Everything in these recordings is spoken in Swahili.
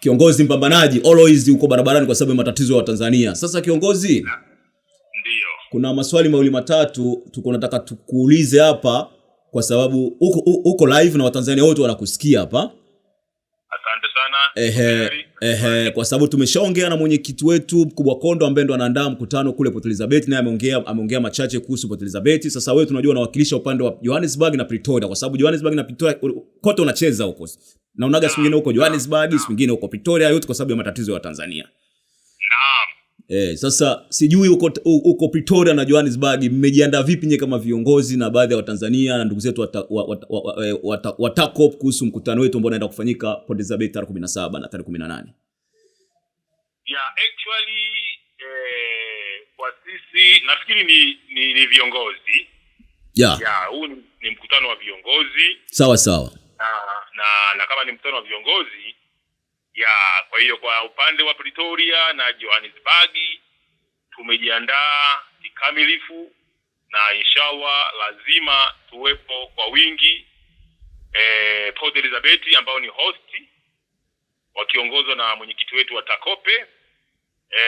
kiongozi mpambanaji always uko barabarani kwa sababu ya matatizo ya Watanzania. Sasa kiongozi ndiyo. Kuna maswali mawili matatu tuko nataka tukuulize hapa kwa sababu uko, uko live na Watanzania wote wanakusikia hapa ehe, ehe, kwa sababu tumeshaongea na mwenyekiti wetu mkubwa Kondo ambaye ndo anaandaa mkutano kule Port Elizabeth, naye ameongea ameongea machache kuhusu Port Elizabeth. Sasa wewe tunajua unawakilisha upande wa Johannesburg na Pretoria, kwa sababu Johannesburg na Pretoria kote unacheza huko na unaga siku nyingine huko Johannesburg, siku nyingine huko Pretoria, yote kwa sababu ya matatizo ya Tanzania. Eh, sasa sijui uko, uko Pretoria na Johannesburg mmejiandaa vipi nye kama viongozi na baadhi ya Watanzania na ndugu zetu watakop wata, wat, wat, wat, wat, kuhusu mkutano wetu ambao unaenda kufanyika Port Elizabeth tarehe kumi na saba na tarehe kumi na nane yeah, actually eh, kwa sisi nafikiri ni, ni, ni viongozi yeah. Yeah, huu ni mkutano wa viongozi sawa sawa na, na, na kama ni mkutano wa viongozi ya kwa hiyo kwa upande wa Pretoria na Johannesburg tumejiandaa kikamilifu na inshallah lazima tuwepo kwa wingi e, Port Elizabeth ambao ni host wakiongozwa na mwenyekiti wetu wa Takope e,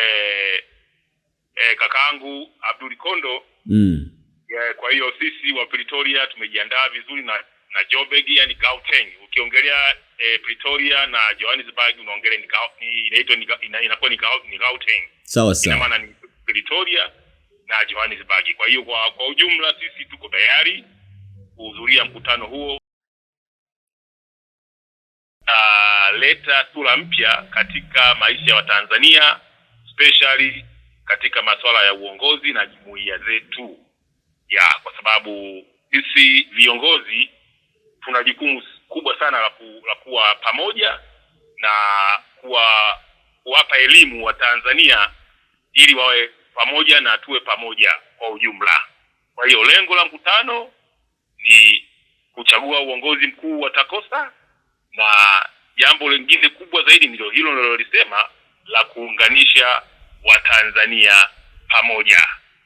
e, kakaangu Abdul Kondo mm. E, kwa hiyo sisi wa Pretoria tumejiandaa vizuri na na Joburg yani Gauteng ukiongelea e, Pretoria na Johannesburg unaongele ni inaitwa inakuwa ni Gauteng. Sawa sawa. maana ni Pretoria na Johannesburg. Kwa hiyo kwa, kwa ujumla sisi tuko tayari kuhudhuria mkutano huo leta sura mpya katika maisha ya Watanzania especially katika masuala ya uongozi na jumuiya zetu ya, kwa sababu sisi viongozi tuna jukumu kubwa sana la, ku, la kuwa pamoja na kuwa kuwapa elimu wa Tanzania ili wawe pamoja na tuwe pamoja kwa ujumla. Kwa hiyo lengo la mkutano ni kuchagua uongozi mkuu wa TACOSA na jambo lingine kubwa zaidi ndio hilo nalolisema la kuunganisha Watanzania pamoja.